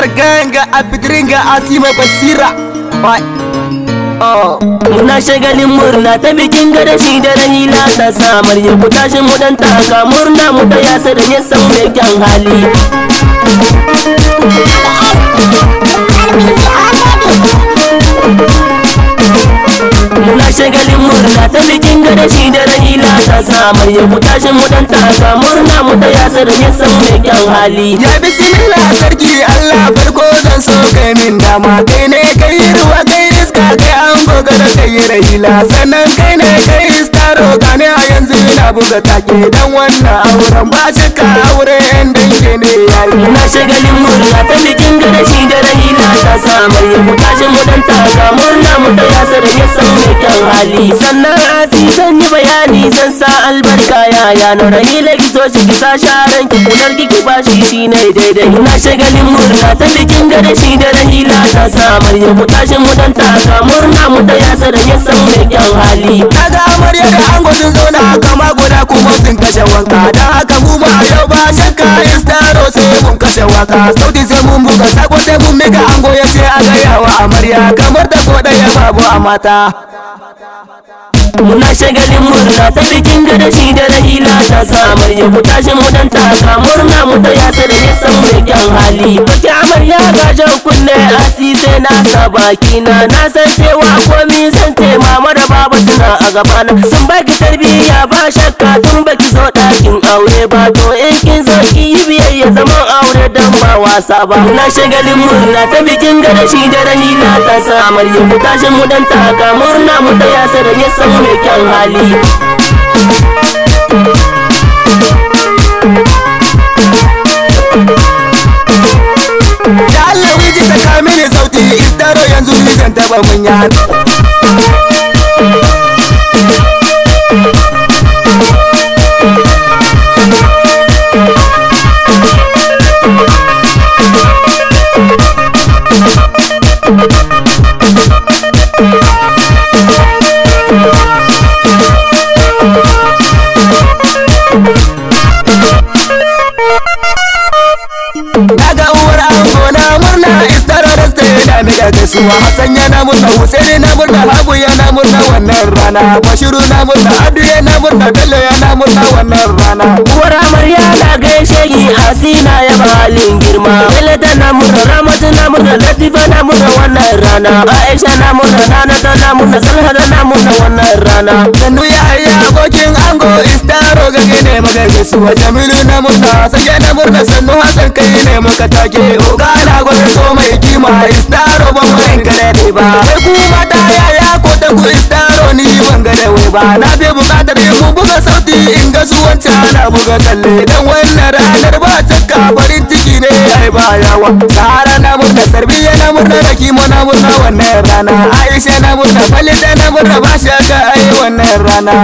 targanga apidiringa asima basira bai Oh. Muna murna ta bikin gada shi dan rani lata samar yi ku tashi dan taka murna mu ta yasa dan ya san hali. Muna murna ta bikin gada matasa mai ku shi mu dan taka murna mu ta yasa da yasan mai kyan hali ya bismillah sarki Allah farko zan so kai min dama kai ne kai ruwa kai roga da kai raila sannan kai ne kai star roga ne a yanzu ina buga take dan wannan auren ba shi ka aure yan dange ne yayi na shiga yin murna ta bikin ga shi da raila ta samar ya mu tashi mu dan taka murna mu ta yasa da ya san mai kyan hali sannan asi zan yi bayani zan sa albarka yaya na raila ki so shi ki sa sharan ki kunar ki ki bashi shine daidai na shagalin murna ta bikin ga shi da raila ta samar ya mu tashi mu dan taka murna mu da ya sada ya san mai kyan hali kaga amarya da ango sun zauna kama guda kuma sun kashe wanka da haka mu ba yau ba shakka istaro sai mun kashe waka sauti sai mun buga sako sai mun mika ango ya ce a gaya wa amarya kamar da ko ya babu a mata muna shagalin murna ta bikin gada shi da rahila ta samar ya ku tashi mu dan taka murna mu ta yasa da ya san mai kyan hali baki amarya ga jan kunne asise na sa baki na na san cewa ko zamana sun baki tarbiyya ba shakka tun baki zo ɗakin aure ba to in kin zo ki yi biyayya zaman aure dan ba wasa ba na shagalin murna ta bikin gada shi da rani na ta sa amarya ku tashi mu dan taka murna mu ta yasa da ya samu mai kyan hali da Allah wuce ta kamini sauti istaro yanzu bizan taba mun yana Daga uwar amona murna istarar stela daga gaisuwa Hassan yana murna Hussein na murna Habu na murna wannan rana Bashiru na murna Abdu yana murna Bello na murna wannan rana Uwar amarya na gaishe yi Asina ya ba halin girma Bello na murna Ramatu na murna Latifa na murna wannan rana rana aisha na muna nana ta namu muna salha da na muna wannan rana sannu ya haya abokin ango istaro ga gine magani gisu wa jamilu na muna sanye na murna sannu hasan kai ne muka take ogana gwada so mai kima istaro ban mai kare ne ba kai kuma ya yaya ko ta ku ni ban gare wai ba na bi bukatar yi mu buga sauti in ga su wacce ana buga kalle dan wannan ranar ba ta farin ciki ne ai ba yawa burna da kimo na burna wannan rana ai sai na burna falle na burna ba shi aka ai wannan rana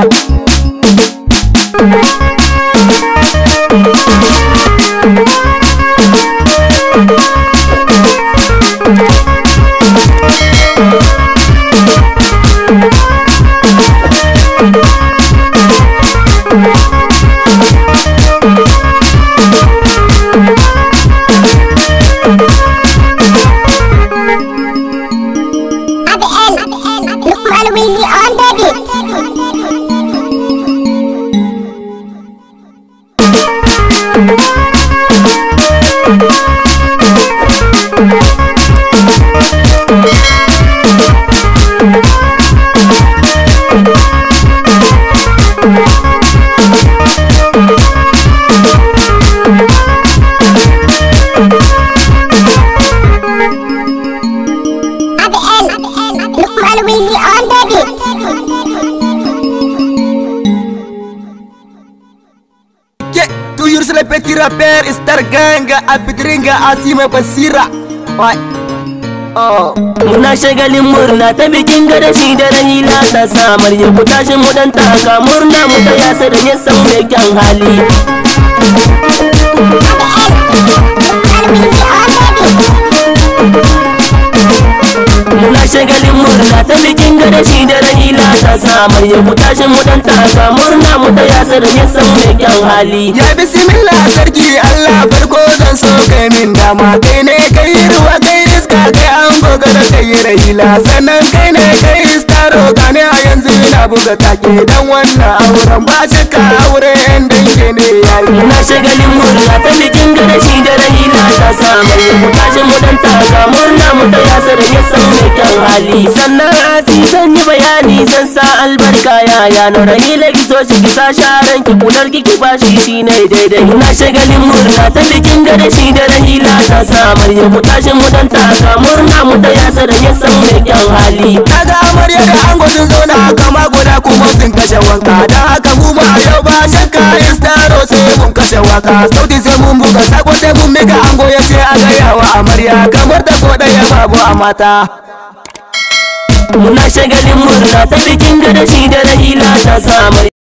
Thank you. petit rappeur Star Gang à pedringa à Sima a Ouais. Oh. Muna shagali murna ta bikin gada shi da na ta samar yau ku tashi mu dan taka murna mu ta yasa da yasan mai kyan hali shagalin murna ta bikin gada shi da rahila ta samar ya tashin mu dan taka murna mu ta yasa da san mai kyan hali ya bismillah sarki allah farko zan so kai min dama kai ne kai ruwa kai iska kai an bugar da kai rahila sannan kai ne kai iska yaro gane a yanzu ina buga take dan wannan auren ba shi ka aure yan dange ne yayi na shagalin murna ta bikin gare shi da rahi na ta samu mu tashi mu dan murna mu ta yasa da ya samu kyan hali sannan zan yi bayani zan sa albarka yaya na la ki so ki sa sharan ki kular ki ki bashi shi ne daidai na shagalin murna ta bikin gare shi da rahila ta sa amarya mu tashi mu dan taka murna mu da yasa da yasan mai kyan hali ga amarya da ango sun zauna kama guda kuma sun kashe wanka da haka mu a yau ba shakka istaro sai mun kashe waka sauti sai mun buga sako sai mun mika ango ya ce a gaya yawa amarya kamar da ko ya babu a mata Muna shagalin murna ta bikin gada shi da rahila ta samai